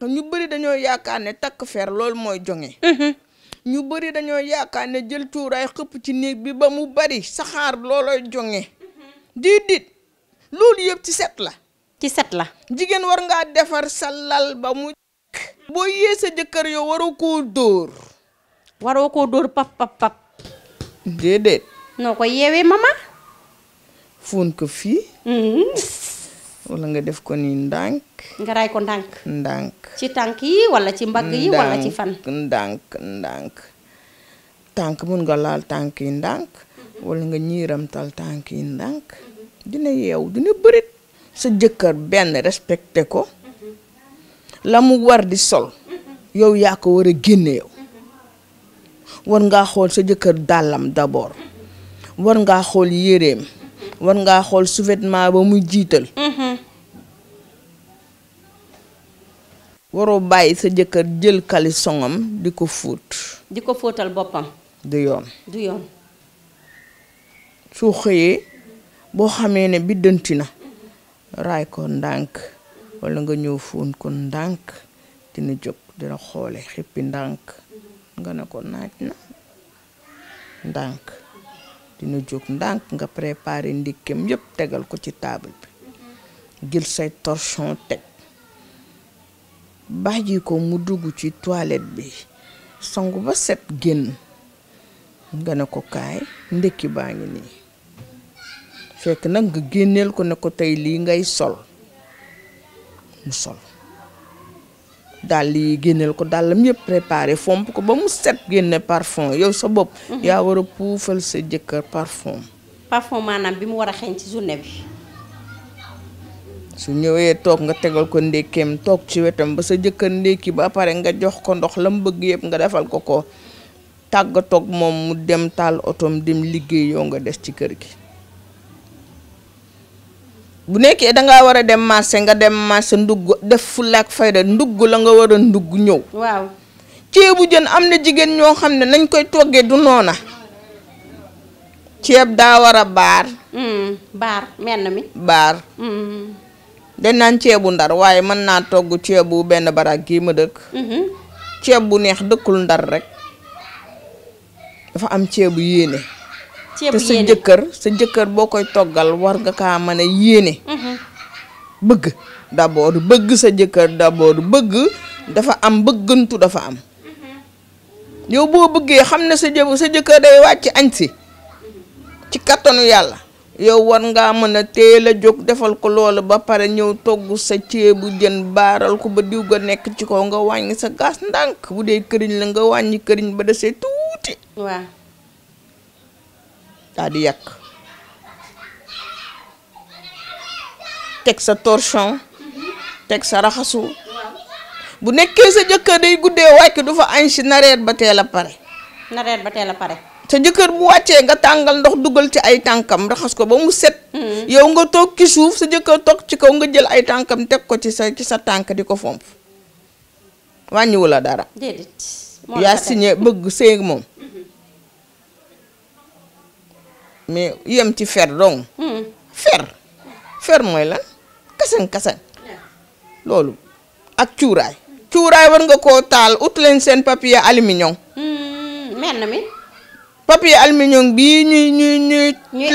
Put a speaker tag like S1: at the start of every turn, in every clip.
S1: te ñu bari dañoo yaakaar ne takk fer lool mooy joŋe. Mhm. ñu bëri dañoo yaakaar ne jël cuuraay xëpp ci néeg bi ba mu bari saxaar loolooy joŋe. Mhm. diit loolu yëpp ci set la. ci set la. jigéen war ngaa defar sa lal ba mu. boo yee sa jëkkër yow waroo ko dóor. waroo koo dóor pap pap déedéet. noo ko yeewee mama. fóon ko fii. Mhm. wala nga def ko nii ndànk. nga raay ko ndànk. ndànk ci tànk yi wala ci mbagg yi. wala ci fan ndànk ndànk tànk mun nga laal tànk yi ndànk. Mhm. wala nga ñiiramtal tànk yi ndànk. dina yeew dina bërit sa jëkkër benn respecté ko. Mhm. la mu war di sol. Mhm. yow yaa ko war a génne yow. war ngaa xool sa jëkkër dàllam d'abord. war ngaa xool yéreem. war ngaa xool sous ba muy jiital. waroo bàyyi sa jëkkër jël kalisongam di ko fóot di ko fóotal boppam du yoon du xëyee boo xamee ne biddanti na raay ko ndànk walla nga ñëw fóon ko ndànk dina jóg dina xoole xippi ndànk nga ne ko naaj na ndànk dina jóg ndànk nga préparé ndikkeem yépp tegal ko ci taabal bi jël say torchon teg bàjji ko mu dugg ci toilette bi sangu ba set génn nga ne ko kaay ndekki baa ngi nii fekk nag nga génneel ko ne ko tey lii ngay sol mu sol dàll yi génneel ko dàllam yëpp préparé fomp ko ba mu set génne parfum yow sa bopp mhm. yaa war a puufal sa jëkkër parfum parfum maanaam bi mu war a xeeñ ci journée bi su ñëwee toog nga tegal ko ndékkeem toog ci wetam ba sa jëkkër ndékki ba pare nga jox ko ndox la bëgg yépp nga defal ko ko tàggatoog moom mu dem taal otoom dem liggéey yoo nga des ci kër gi bu nekkee danga war a dem marché nga dem marché ndugg def fulla ak fayda ndugg la nga war a ndugg ñëw waaw ceebu jën am na jigéen ñoo xam ne nañ koy toggee du noona ceeb daa war a baar hmm, baar menn mi baar hmm. denaan ceebu ndar waaye mën naa togg ceebu benn baraag gii ma dëkk. Mhm. ceeb bu neex dëkkul ndar rek dafa am ceebu yéene. ceebu yéene te sa jëkkër sa jëkkër boo koy toggal war nga kaa mën a yéene. Mhm. bëgg d'abord bëgg sa jëkkër d'abord bëgg dafa am bëggantu dafa am. Mhm. yow boo bëggee xam ne sa jë sa jëkkër day wàcc añ si ci kattanu yàlla. yow war ngaa mën a teel a jóg defal ko loolu ba pare ñëw togg sa ceebu jën baaral ko ba diw ga nekk ci kaw nga wàññi sa gaas ndànk bu dee këriñ la nga wàññi këriñ ba desee tuuti. waaw. daal yàq teg sa torchon teg sa raxasu bu nekkee sa jëkkër day guddee wàcc du fa añ si nareet ba teel pare. nareet ba teel a pare. sa jëkkër bu wàccee nga tàngal ndox dugal ci ay tànkam raxas ko ba mu set. Hmm. yow nga toog ci suuf sa jëkkër toog ci kaw nga jël ay tànkam teg ko ci sa ci sa tànk di ko fomp wàññiwu la dara. déedéet yaa signé bëgg sëy moom. Hmm. mais yem ci fer dong. Hmm. fer fer mooy la kasan kasan loolu ak cuuraay. cuuraay war nga koo taal ut leen seen papier aluminium. mi. papier aluminium bii ñuy ñuy ñuy. ñuy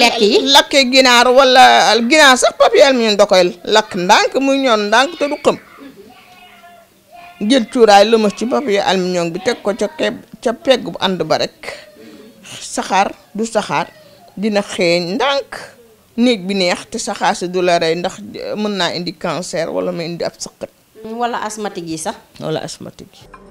S1: lekk yi lakke ginaar wala ginaar sax papier aluminium da koy lakk ndànk muy ñoon ndànk te du xëm jël cuuraay lëmas ci papier aluminium bi teg ko ca keeb ca pegg bu ànd ba rekk saxaar du saxaar dina xeeñ ndànk néeg bi neex te saxaar si du la rey ndax eh, mën naa indi cancer wala ma indi ab sëqët. wala asthmatique yi sax. wala asthmatique yi.